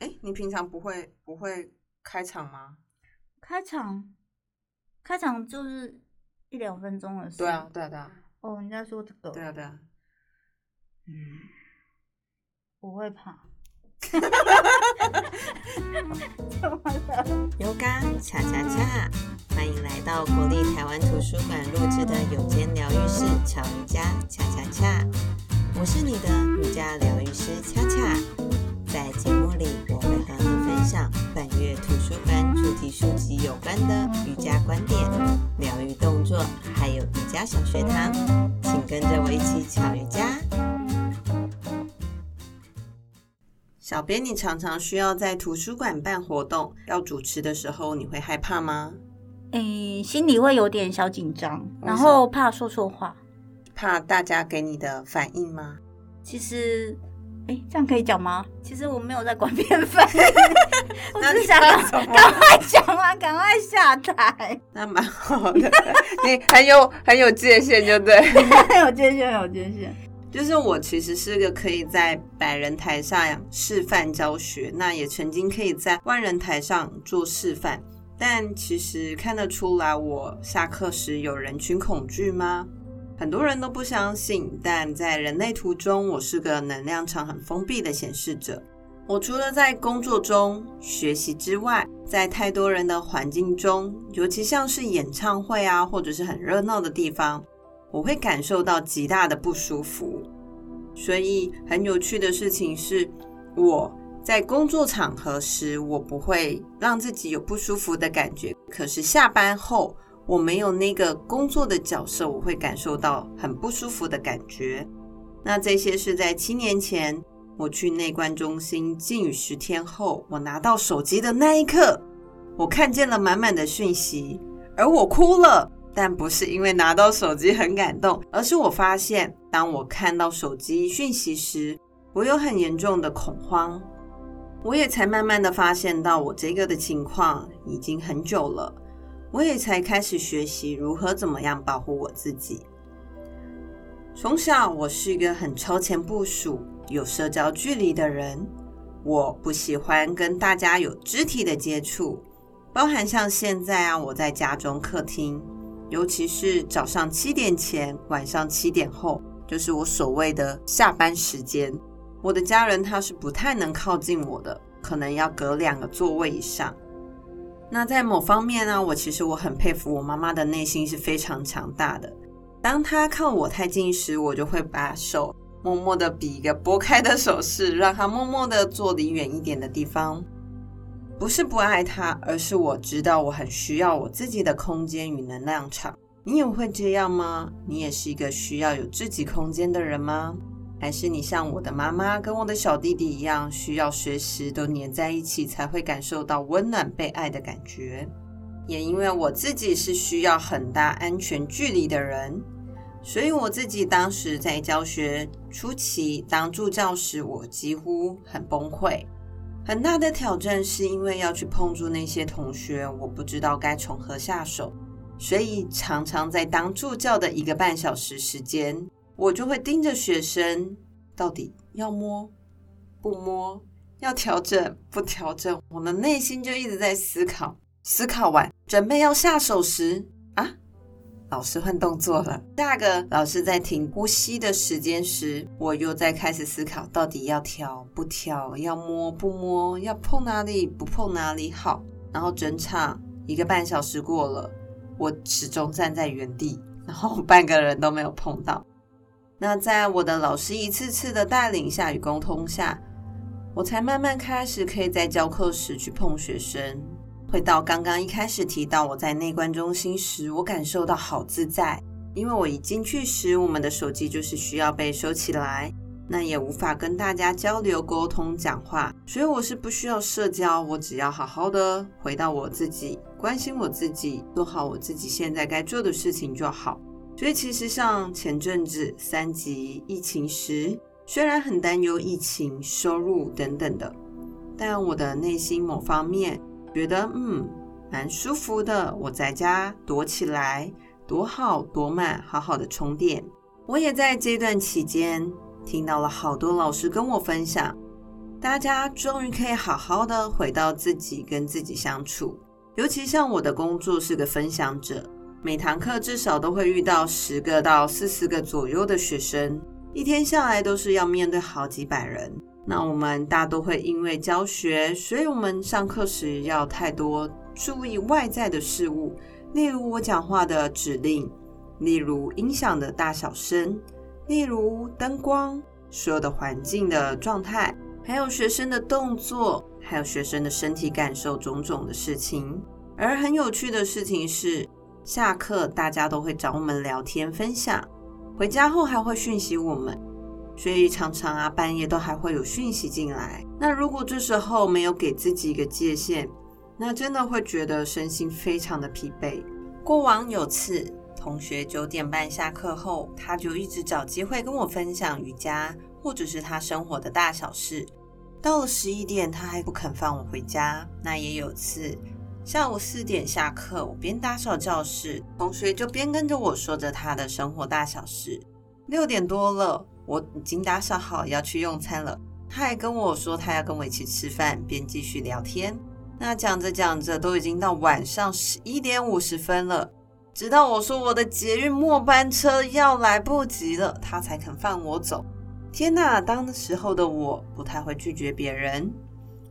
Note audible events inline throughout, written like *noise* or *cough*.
哎，你平常不會不會開場嗎？開場，開場就是一兩分鐘的事。對啊，對啊，對啊。哦，人家說這個？對啊，對啊。嗯，不會怕。怎 *laughs* *laughs* *laughs* 麼的？瑜伽恰恰恰，歡迎來到國立台灣圖書館錄制的友間聊癒室，巧瑜伽恰恰恰，我是你的瑜伽療癒師恰恰。在節目裡，我會和你分享本月圖書館主題書籍有關的瑜伽觀點、療癒動作，還有瑜伽小學堂，請跟着我一起巧瑜伽。小編，你常常需要在圖書館辦活動，要主持的時候，你會害怕嗎？嗯、欸，心裡會有點小緊張，然後怕說錯話，為什麼？怕大家給你的反應嗎？其實。哎，這樣可以講嗎？其實我沒有在管偏廢， *laughs* *laughs* 我是想趕、啊、 *laughs* 快講完、啊，趕快下台。 *laughs* *laughs* 那蠻好的，你很有很有界限，就對，很 *laughs* 有界限，有界限。就是我其實是個可以在百人台上示範教學，那也曾經可以在萬人台上做示範。但其實看得出來，我下課時有人群恐懼嗎？很多人都不相信，但在人類圖中，我是個能量場很封閉的顯示者。我除了在工作中學習之外，在太多人的環境中，尤其像是演唱會啊，或者是很熱鬧的地方，我會感受到極大的不舒服。所以很有趣的事情是，我在工作場合時，我不會讓自己有不舒服的感覺，可是下班後，我沒有那個工作的角色，我會感受到很不舒服的感覺。那這些是在七年前，我去內觀中心禁語十天後，我拿到手機的那一刻，我看見了滿滿的訊息，而我哭了。但不是因為拿到手機很感動，而是我發現，當我看到手機訊息時，我有很嚴重的恐慌。我也才慢慢的發現到，我這個的情況已經很久了。我也才開始學習如何怎麼樣保護我自己。從小，我是一個很超前部署、有社交距離的人。我不喜歡跟大家有肢體的接觸，包含像現在啊，我在家中客廳，尤其是早上七點前、晚上七點後，就是我所謂的下班時間。我的家人他是不太能靠近我的，可能要隔兩個座位以上。那在某方面呢、啊，我其實我很佩服我媽媽的內心是非常強大的。當她靠我太近時，我就會把手默默的比一個撥開的手勢，讓她默默的坐離遠一點的地方。不是不愛她，而是我知道我很需要我自己的空間與能量場。你也會這樣嗎？你也是一個需要有自己空間的人嗎？還是你像我的媽媽跟我的小弟弟一樣，需要隨時都黏在一起，才會感受到溫暖、被愛的感覺。也因為我自己是需要很大安全距離的人，所以我自己當時在教學初期當助教時，我幾乎很崩潰。很大的挑戰是因為要去碰觸那些同學，我不知道該從何下手，所以常常在當助教的一個半小時時間，我就會盯着學生，到底要摸不摸，要調整不調整，我的內心就一直在思考。思考完，準備要下手時，啊，老師換動作了。第二個，老師在停呼吸的時間時，我又在開始思考，到底要調不調，要摸不摸，要碰哪裡不碰哪裡好。然後整場一個半小時過了，我始終站在原地，然後半個人都沒有碰到。那在我的老師一次次的帶領下與溝通下，我才慢慢開始可以在教課時去碰學生。回到剛剛一開始提到我在內觀中心時，我感受到好自在，因為我一進去時，我們的手機就是需要被收起來，那也無法跟大家交流、溝通、講話，所以我是不需要社交，我只要好好的回到我自己，關心我自己，做好我自己現在該做的事情就好。所以其實像前陣子三級疫情時，雖然很擔憂疫情、收入等等的，但我的內心某方面覺得，嗯，蠻舒服的。我在家躲起來，躲好躲滿，好好的充電。我也在這段期間聽到了好多老師跟我分享，大家終於可以好好的回到自己跟自己相處。尤其像我的工作是個分享者。每堂課至少都會遇到十個到四十個左右的學生，一天下來都是要面對好幾百人。那我們大多會因為教學，所以我們上課時要太多注意外在的事物，例如我講話的指令，例如音響的大小聲，例如燈光，所有的環境的狀態，還有學生的動作，還有學生的身體感受，種種的事情。而很有趣的事情是，下課，大家都會找我們聊天分享，回家後還會訊息我們，所以常常啊，半夜都還會有訊息進來。那如果這時候沒有給自己一個界限，那真的會覺得身心非常的疲憊。過往有次，同學九點半下課後，他就一直找機會跟我分享瑜伽，或者是他生活的大小事。到了十一點，他還不肯放我回家。那也有次。下午四點下課，我邊打掃教室，同學就邊跟着我說着他的生活大小事。六點多了，我已經打掃好要去用餐了，他還跟我說他要跟我一起吃飯，邊繼續聊天。那講着講着，都已經到晚上十一點五十分了，直到我說我的捷運末班車要來不及了，他才肯放我走。天哪，當時候的我不太會拒絕別人，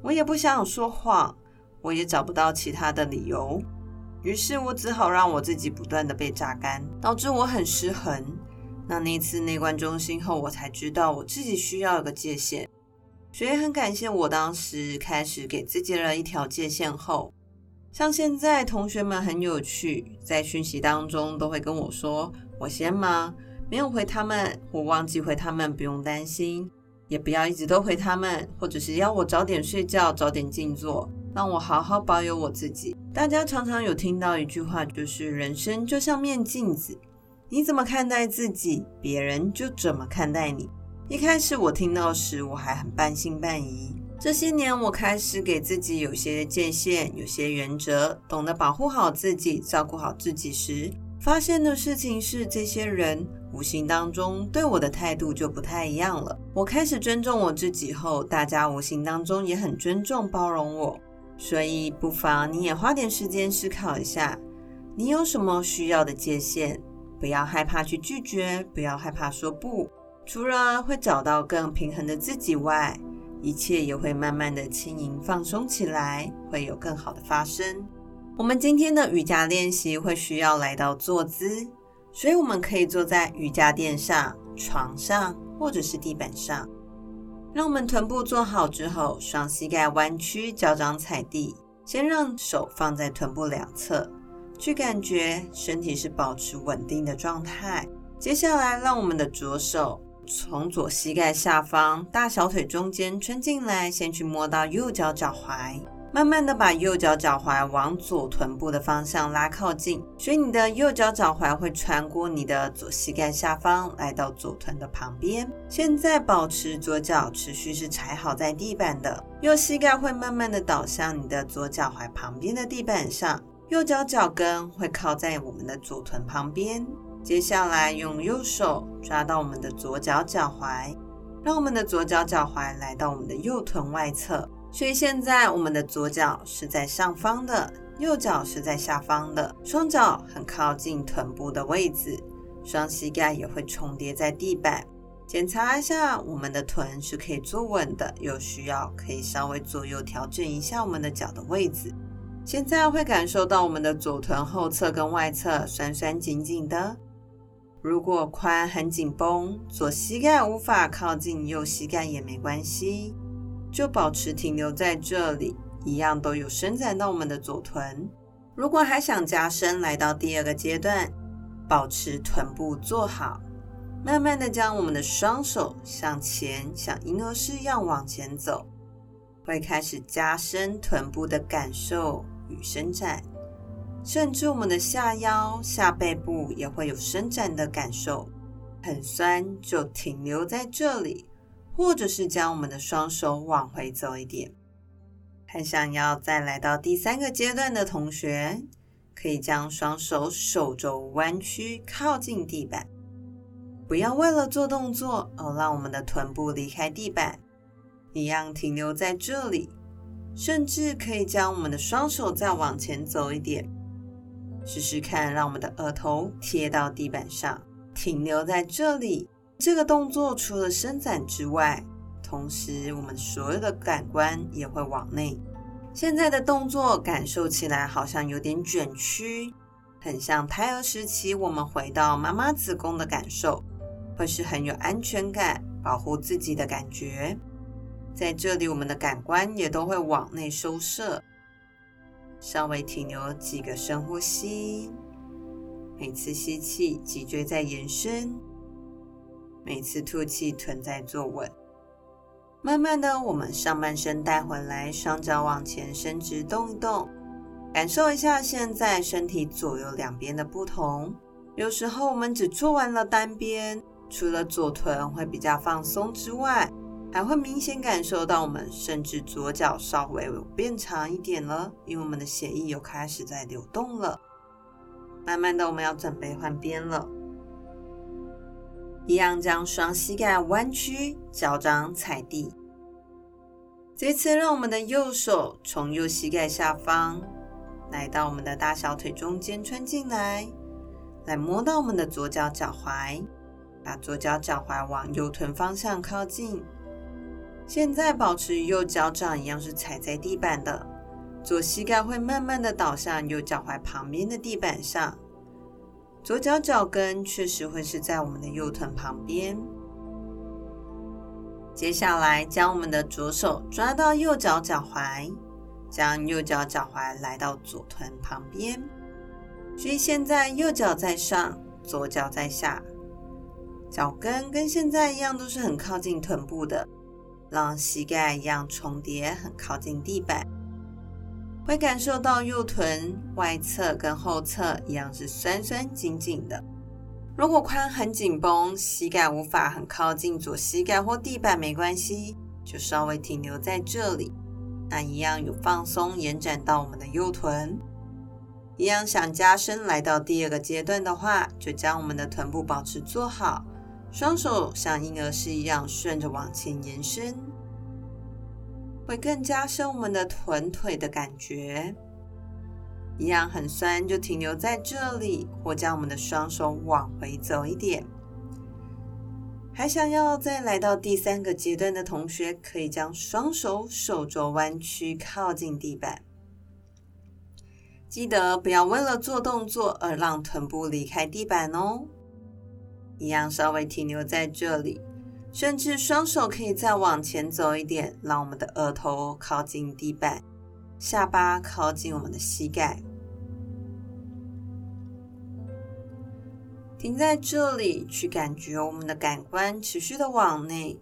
我也不想說謊。我也找不到其他的理由，於是我只好讓我自己不斷的被榨乾，導致我很失衡。那那次內觀中心後，我才知道我自己需要有個界限。所以很感謝我當時開始給自己了一條界限後，像現在同學們很有趣，在訊息當中都會跟我說，我先忙，沒有回他們，我忘記回他們，不用擔心，也不要一直都回他們，或者是要我早點睡覺，早點靜坐。讓我好好保有我自己。大家常常有聽到一句話，就是人生就像面鏡子，你怎麼看待自己，別人就怎麼看待你。一開始我聽到時，我還很半信半疑。這些年，我開始給自己有些界限、有些原則，懂得保護好自己、照顧好自己時，發現的事情是，這些人無形當中對我的態度就不太一樣了。我開始尊重我自己後，大家無形當中也很尊重、包容我。所以，不妨你也花點時間思考一下，你有什麼需要的界限？不要害怕去拒絕，不要害怕說不。除了會找到更平衡的自己外，一切也會慢慢的輕盈放鬆起來，會有更好的發生。我們今天的瑜伽練習會需要來到坐姿，所以我們可以坐在瑜伽墊上、床上或者是地板上。讓我們臀部坐好之後，雙膝蓋彎曲，腳掌踩地。先讓手放在臀部兩側，去感覺身體是保持穩定的狀態。接下來，讓我們的左手從左膝蓋下方、大小腿中間穿進來，先去摸到右腳腳踝。慢慢的把右腳腳踝往左臀部的方向拉靠近，所以你的右腳腳踝會穿過你的左膝蓋下方，來到左臀的旁邊。現在保持左腳持續是踩好在地板的，右膝蓋會慢慢的倒向你的左腳踝旁邊的地板上，右腳腳跟會靠在我們的左臀旁邊。接下來用右手抓到我們的左腳腳踝，讓我們的左腳腳踝來到我們的右臀外側。所以現在我們的左腳是在上方的，右腳是在下方的，雙腳很靠近臀部的位置，雙膝蓋也會重疊在地板。檢查一下我們的臀是可以坐穩的，有需要可以稍微左右調整一下我們的腳的位置。現在會感受到我們的左臀後側跟外側酸酸緊緊的，如果髖很緊繃，左膝蓋無法靠近右膝蓋也沒關係。就保持停留在這裡，一樣都有伸展到我們的左臀。如果還想加深，來到第二個階段，保持臀部坐好，慢慢的將我們的雙手向前，像嬰兒式一樣往前走，會開始加深臀部的感受與伸展，甚至我們的下腰、下背部也會有伸展的感受，很酸就停留在這裡。或者是將我們的雙手往回走一點，還想要再來到第三個階段的同學，可以將雙手手肘彎曲靠近地板，不要為了做動作而讓我們的臀部離開地板，一樣停留在這裡，甚至可以將我們的雙手再往前走一點，試試看讓我們的額頭貼到地板上，停留在這裡。這個動作除了伸展之外，同時我們所有的感官也會往內。現在的動作感受起來好像有點捲曲，很像胎兒時期我們回到媽媽子宮的感受，會是很有安全感、保護自己的感覺。在這裡，我們的感官也都會往內收攝。稍微停留幾個深呼吸，每次吸氣脊椎在延伸。每次吐氣，臀再坐穩。慢慢的，我們上半身帶回來，雙腳往前伸直，動一動，感受一下現在身體左右兩邊的不同。有時候我們只做完了單邊，除了左臀會比較放鬆之外，還會明顯感受到我們甚至左腳稍微有變長一點了，因為我們的血液又開始在流動了。慢慢的，我們要準備換邊了。一樣將雙膝蓋彎曲，腳掌踩地。這次讓我們的右手從右膝蓋下方，來到我們的大小腿中間穿進來，來摸到我們的左腳腳踝，把左腳腳踝往右臀方向靠近。現在保持右腳掌一樣是踩在地板的，左膝蓋會慢慢的倒向右腳踝旁邊的地板上。左腳腳跟確實會是在我們的右臀旁邊。接下來，將我們的左手抓到右腳腳踝，將右腳腳踝來到左臀旁邊。所以現在右腳在上，左腳在下，腳跟跟現在一樣都是很靠近臀部的，讓膝蓋一樣重疊，很靠近地板。會感受到右臀外側跟後側一樣是酸酸緊緊的。如果髖很緊繃，膝蓋無法很靠近左膝蓋或地板，沒關係，就稍微停留在這裡，那一樣有放鬆延展到我們的右臀。一樣想加深，來到第二個階段的話，就將我們的臀部保持做好，雙手像嬰兒式一樣順着往前延伸。會更加深我們的臀腿的感覺，一樣很酸就停留在這裡，或將我們的雙手往回走一點。還想要再來到第三個階段的同學，可以將雙手手肘彎曲靠近地板，記得不要為了做動作而讓臀部離開地板哦。一樣稍微停留在這裡。甚至雙手可以再往前走一點，讓我們的額頭靠近地板，下巴靠近我們的膝蓋，停在這裡，去感覺我們的感官持續的往內，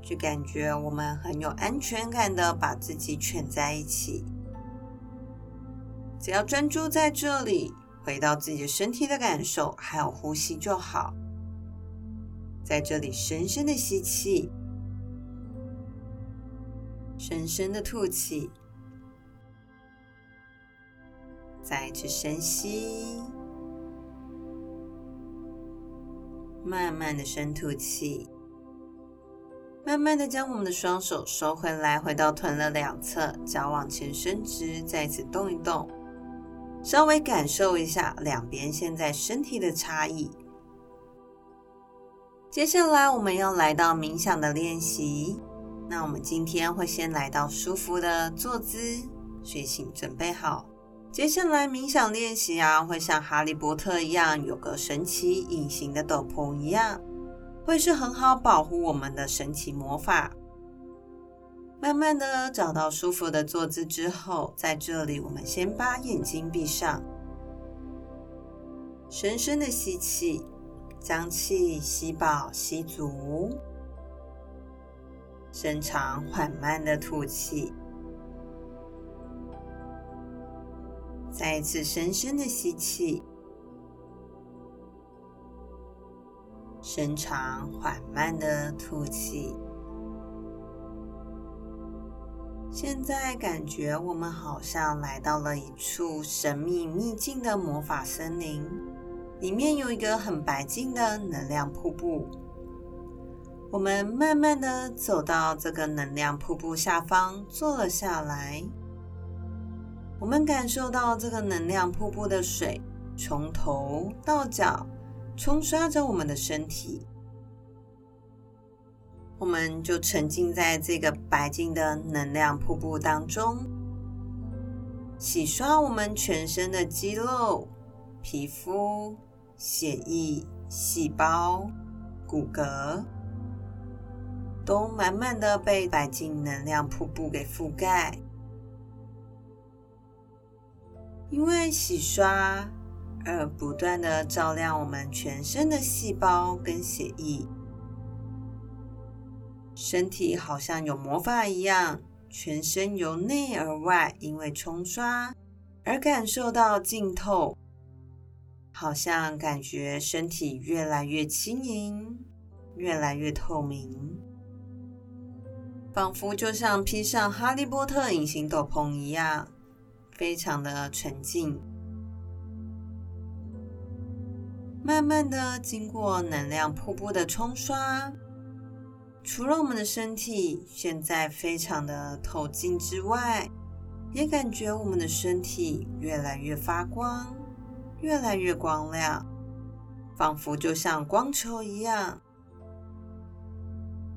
去感覺我們很有安全感的把自己圈在一起。只要專注在這裡，回到自己的身體的感受，還有呼吸就好。在這裡，深深的吸氣，深深的吐氣，再一次深吸，慢慢的深吐氣，慢慢的將我們的雙手收回來，回到臀的兩側，腳往前伸直，再次動一動，稍微感受一下兩邊現在身體的差異。接下來我們要來到冥想的練習。那我們今天會先來到舒服的坐姿，睡醒準備好。接下來冥想練習啊，會像哈利波特一樣有個神奇隱形的斗篷一樣，會是很好保護我們的神奇魔法。慢慢的找到舒服的坐姿之後，在這裡我們先把眼睛閉上，深深的吸氣。將氣吸飽吸足，伸長緩慢的吐氣，再一次深深的吸氣，伸長緩慢的吐氣。現在感覺我們好像來到了一處神秘秘境的魔法森林。裡面有一個很白淨的能量瀑布，我們慢慢的走到這個能量瀑布下方坐了下來，我們感受到這個能量瀑布的水從頭到腳沖刷着我們的身體，我們就沉浸在這個白淨的能量瀑布當中，洗刷我們全身的肌肉、皮膚。血液、細胞、骨骼，都慢慢的被白淨能量瀑布給覆蓋，因為洗刷而不斷的照亮我們全身的細胞跟血液，身體好像有魔法一樣，全身由內而外因為沖刷而感受到浸透。好像感覺身體越來越輕盈，越來越透明，仿佛就像披上哈利波特隱形斗篷一樣，非常的純淨。慢慢的，經過能量瀑布的沖刷，除了我們的身體現在非常的透淨之外，也感覺我們的身體越來越發光。越來越光亮，仿佛就像光球一樣，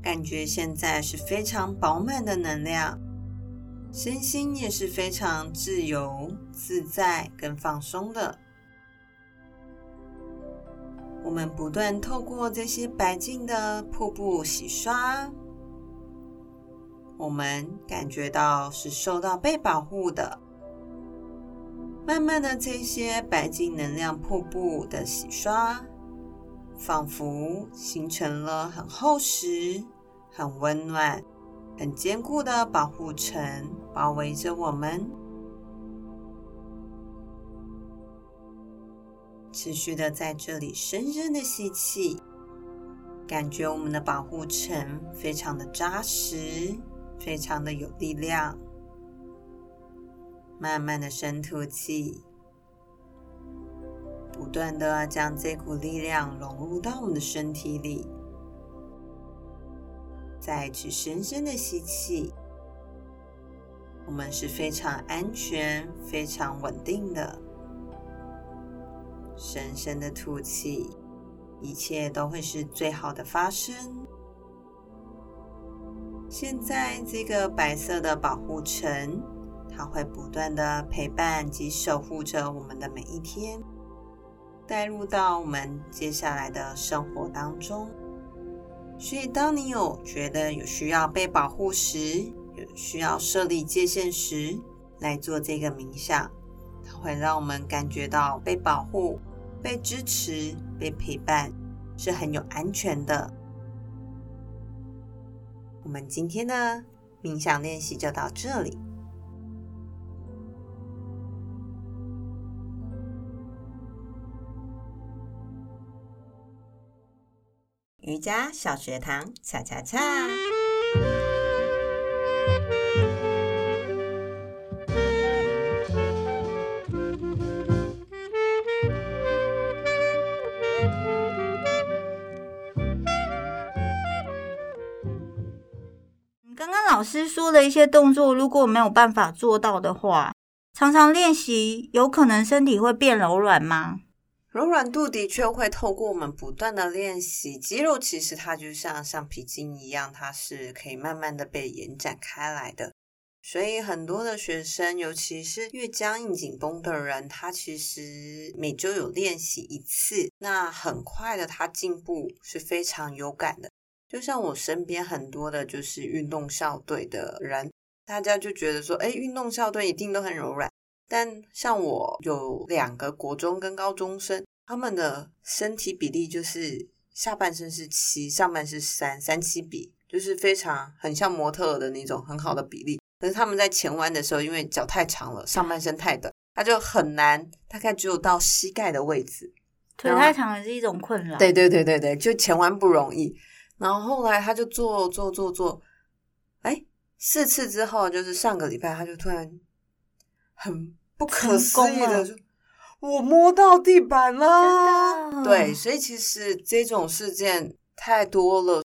感覺現在是非常飽滿的能量，身心也是非常自由自在、跟放鬆的。我們不斷透過這些白淨的瀑布洗刷，我們感覺到是受到被保護的。慢慢的，這些白淨能量瀑布的洗刷，仿佛形成了很厚實、很溫暖、很堅固的保護層，包圍着我們。持續的在這裡深深的吸氣，感覺我們的保護層非常的扎實，非常的有力量。慢慢的深吐氣，不斷的將這股力量融入到我們的身體裡，再去深深的吸氣。我們是非常安全、非常穩定的。深深的吐氣，一切都會是最好的發生。現在這個白色的保護層。它會不斷的陪伴及守護着我們的每一天，帶入到我們接下來的生活當中。所以，當你有覺得有需要被保護時，有需要設立界限時，來做這個冥想，它會讓我們感覺到被保護、被支持、被陪伴，是很有安全的。我們今天的冥想練習就到這裡。瑜伽小學堂，恰恰恰。你剛剛老師說的一些動作，如果沒有辦法做到的話，常常練習，有可能身體會變柔軟嗎？柔軟度的確會透過我們不斷的練習，肌肉其實它就像橡皮筋一樣，它是可以慢慢的被延展開來的。所以很多的學生，尤其是越僵硬緊繃的人，他其實每周有練習一次，那很快的他進步是非常有感的。就像我身邊很多的，就是運動校隊的人，大家就覺得說，哎、欸，運動校隊一定都很柔軟。但像我有兩個國中跟高中生，他們的身體比例就是下半身是七，上半是三，三七比，就是非常很像模特的那種很好的比例。可是他們在前彎的時候，因為腳太長了，上半身太短，他就很難，大概只有到膝蓋的位置。腿太長也是一種困擾。對對對對對，就前彎不容易。然後後來他就做做做做，哎、欸，四次之後，就是上個禮拜，他就突然。很不可思議的就，我摸到地板了。真的啊、對，所以其實這種事件太多了。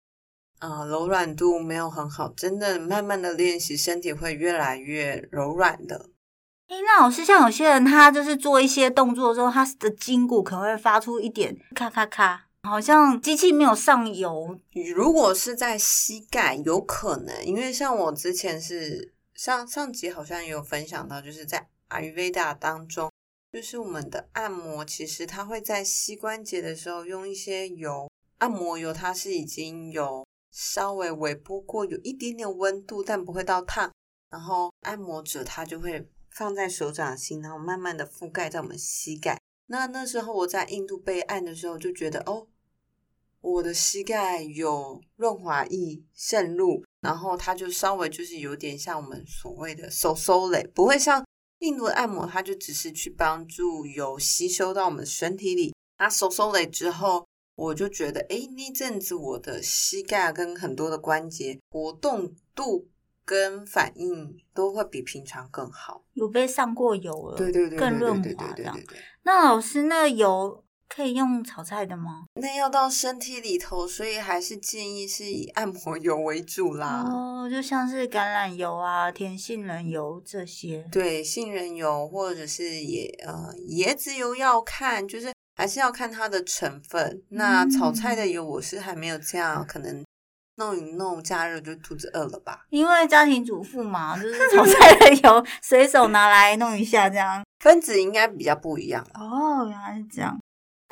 啊、呃，柔軟度沒有很好，真的，慢慢的練習，身體會越來越柔軟的。哎，那老師，像有些人，他就是做一些動作的時候，他的筋骨可能會發出一點咔咔咔，好像機器沒有上油。如果是在膝蓋，有可能，因為像我之前是。上上集好像也有分享到，就是在 Ayurveda 當中，就是我們的按摩，其實它會在膝關節的時候用一些油，按摩油它是已經有稍微微波過，有一點點溫度，但不會到燙。然後按摩者他就會放在手掌心，然後慢慢的覆蓋在我們膝蓋。那那時候我在印度被按的時候，就覺得哦，我的膝蓋有潤滑液滲入。然後它就稍微就是有點像我們所謂的收收累，不會像印度的按摩，它就只是去幫助油吸收到我們身體裡。那收收累之後，我就覺得，哎，那陣子我的膝蓋跟很多的關節活動度跟反應都會比平常更好，有被上過油了，對對對，更潤滑這樣。那老師，那油，可以用炒菜的嗎？那要到身體裡頭，所以還是建議是以按摩油為主啦。哦，就像是橄欖油啊，甜杏仁油這些。對，杏仁油或者是也呃，椰子油要看，就是還是要看它的成分。嗯。那炒菜的油，我是還沒有這樣，可能弄一弄加熱就肚子餓了吧。因為家庭主婦嘛， *laughs* 就是炒菜的油隨手拿來弄一下，這樣 *laughs* 分子應該比較不一樣。哦，原來是這樣。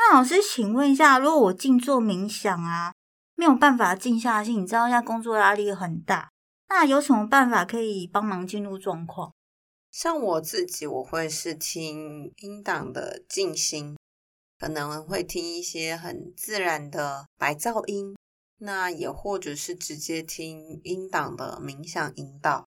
那老師，請問一下，如果我靜坐冥想啊，沒有辦法靜下心，你知道現在工作壓力很大，那有什麼辦法可以幫忙進入狀況？像我自己，我會是聽音檔的靜心，可能會聽一些很自然的白噪音，那也或者是直接聽音檔的冥想引導。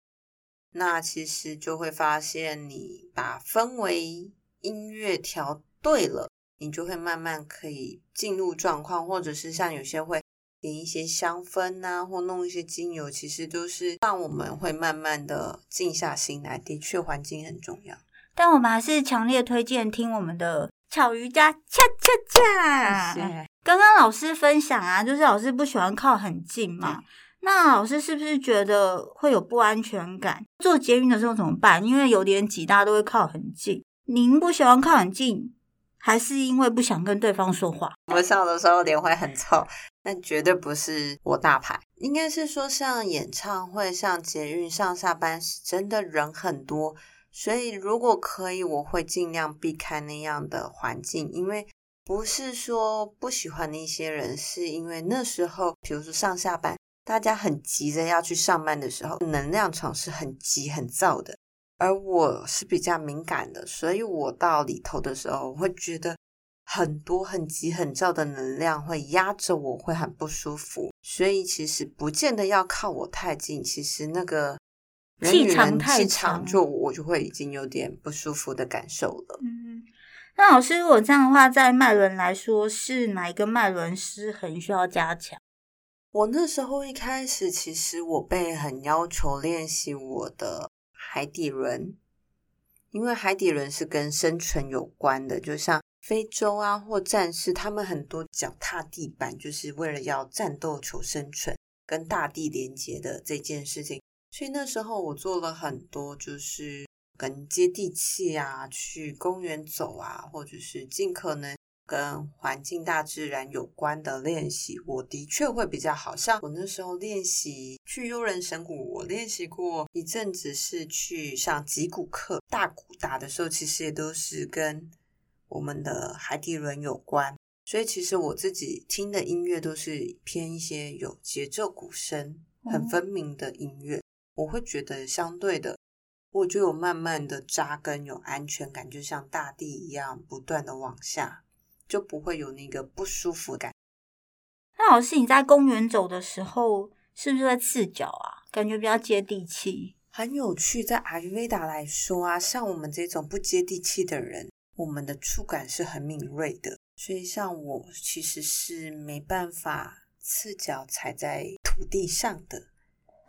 那其實就會發現，你把氛圍音樂調對了。你就會慢慢可以進入狀況，或者是像有些會點一些香氛啊，或弄一些精油，其實都是讓我們會慢慢的靜下心來。的確，環境很重要，但我們還是強烈推薦聽我們的巧瑜伽。恰恰恰，剛剛是老師分享啊，就是老師不喜歡靠很近嘛，對那老師是不是覺得會有不安全感？坐捷運的時候怎麼辦？因為有點擠，大家都會靠很近。您不喜歡靠很近？還是因為不想跟對方說話？我笑的時候臉會很臭，但絕對不是我大牌。應該是說，像演唱會、像捷運上下班是真的人很多，所以如果可以，我會儘量避開那樣的環境。因為不是說不喜歡那些人，是因為那時候，比如說上下班，大家很急着要去上班的時候，能量場是很急很躁的。而我是比較敏感的，所以我到裡頭的時候，我會覺得很多很急很躁的能量會壓着我，會很不舒服。所以其實不見得要靠我太近，其實那個人與人氣場太，就我就會已經有點不舒服的感受了。嗯，那老師，如果這樣的話，在脈輪來說是哪一個脈輪失衡需要加強？我那時候一開始，其實我被很要求練習我的。海底輪，因為海底輪是跟生存有關的，就像非洲啊或戰士，他們很多腳踏地板，就是為了要戰鬥求生存，跟大地連接的這件事情。所以那時候我做了很多，就是跟接地氣啊，去公園走啊，或者是盡可能。跟環境、大自然有關的練習，我的確會比較好。像我那時候練習去優人神鼓，我練習過一陣子是去上擊鼓課，大鼓打的時候，其實也都是跟我們的海底輪有關。所以其實我自己聽的音樂都是偏一些有節奏、鼓聲很分明的音樂。我會覺得相對的，我就有慢慢的扎根，有安全感，就像大地一樣，不斷的往下。就不會有那個不舒服感。那老師，你在公園走的時候，是不是在赤腳啊？感覺比較接地氣，很有趣。在阿育吠陀來說啊，像我們這種不接地氣的人，我們的觸感是很敏銳的。所以，像我其實是沒辦法赤腳踩在土地上的，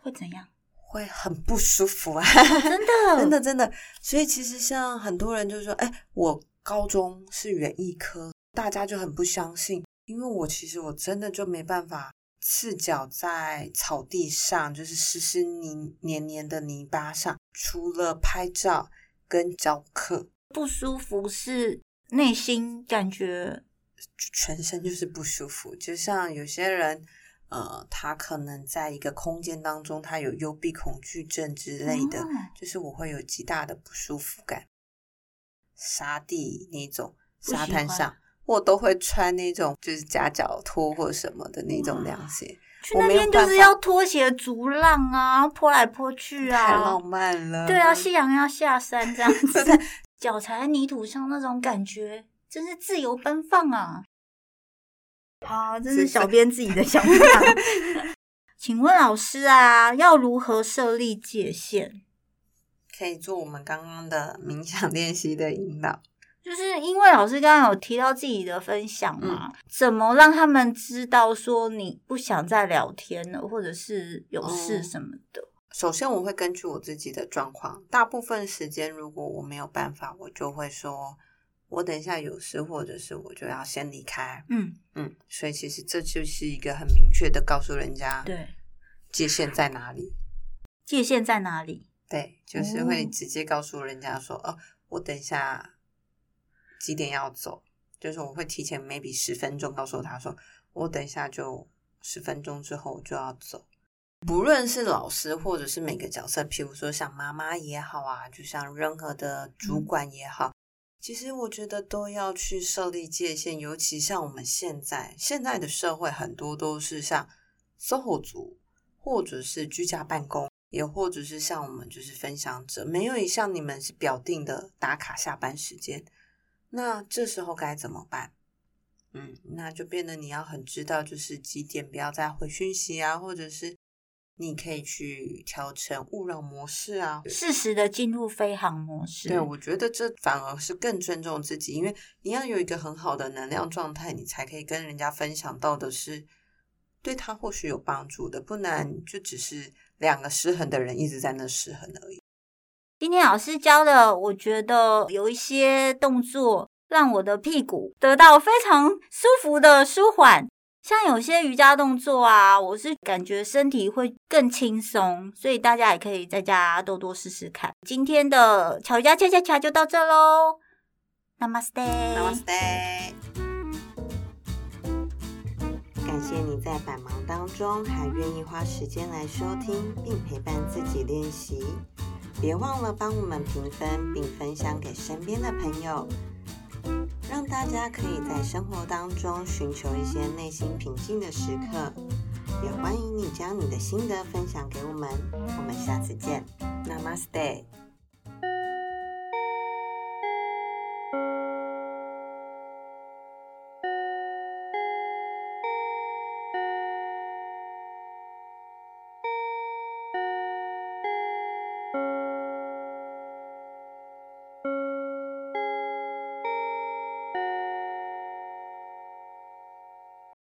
會怎樣？會很不舒服啊！ *laughs* *laughs* 真的，真的，真的。所以，其實像很多人就說，哎、欸，我高中是園藝科。大家就很不相信，因為我其實我真的就沒辦法赤腳在草地上，就是濕濕泥黏黏的泥巴上，除了拍照跟教課，不舒服是內心感覺，全身就是不舒服，就像有些人，呃，他可能在一個空間當中，他有幽閉恐懼症之類的，嗯、就是我會有極大的不舒服感，沙地那種沙灘上。我都會穿那種就是夾腳拖或什麼的那種涼鞋，去那邊就是要拖鞋逐浪啊，潑來潑去啊，太浪漫了。對啊，夕陽要下山這樣子， *laughs* 腳踩在泥土上那種感覺，真是自由奔放啊！好、啊，這是小編自己的想法。是是 *laughs* 請問老師啊，要如何設立界限？可以做我們剛剛的冥想練習的引導。就是因為老師剛剛有提到自己的分享嘛，嗯、怎麼讓他們知道說你不想再聊天了，或者是有事什麼的？哦、首先，我會根據我自己的狀況，大部分時間如果我沒有辦法，我就會說：“我等一下有事，或者是我就要先離開。”嗯、嗯嗯，所以其實這就是一個很明確的告訴人家，對，界限在哪裡。界限在哪裡？對，就是會直接告訴人家說：“嗯、哦，我等一下。”幾點要走？就是我會提前 maybe 十分鐘告訴他說，我等一下就十分鐘之後就要走。不論是老師或者是每個角色，譬如說像媽媽也好啊，就像任何的主管也好，其實我覺得都要去設立界限。尤其像我們現在現在的社會，很多都是像 SOHO 族，或者是居家辦公，也或者是像我們就是分享者，沒有一項你們是表定的打卡下班時間。那這時候該怎麼辦？嗯，那就變得你要很知道，就是幾點不要再回訊息啊，或者是你可以去調成勿擾模式啊，適時的進入飛行模式。對，我覺得這反而是更尊重自己，因為你要有一個很好的能量狀態，你才可以跟人家分享到的是對他或許有幫助的，不然就只是兩個失衡的人一直在那失衡而已。今天老師教的，我覺得有一些動作讓我的屁股得到非常舒服的舒緩，像有些瑜伽動作啊，我是感覺身體會更輕鬆，所以大家也可以在家多多試試看。今天的巧瑜伽恰恰恰就到這嘍，Namaste，Namaste，感謝你在百忙當中還願意花時間來收聽並陪伴自己練習。別忘了幫我們評分，並分享給身邊的朋友，讓大家可以在生活當中尋求一些內心平靜的時刻。也歡迎你將你的心得分享給我們。我們下次見，Namaste。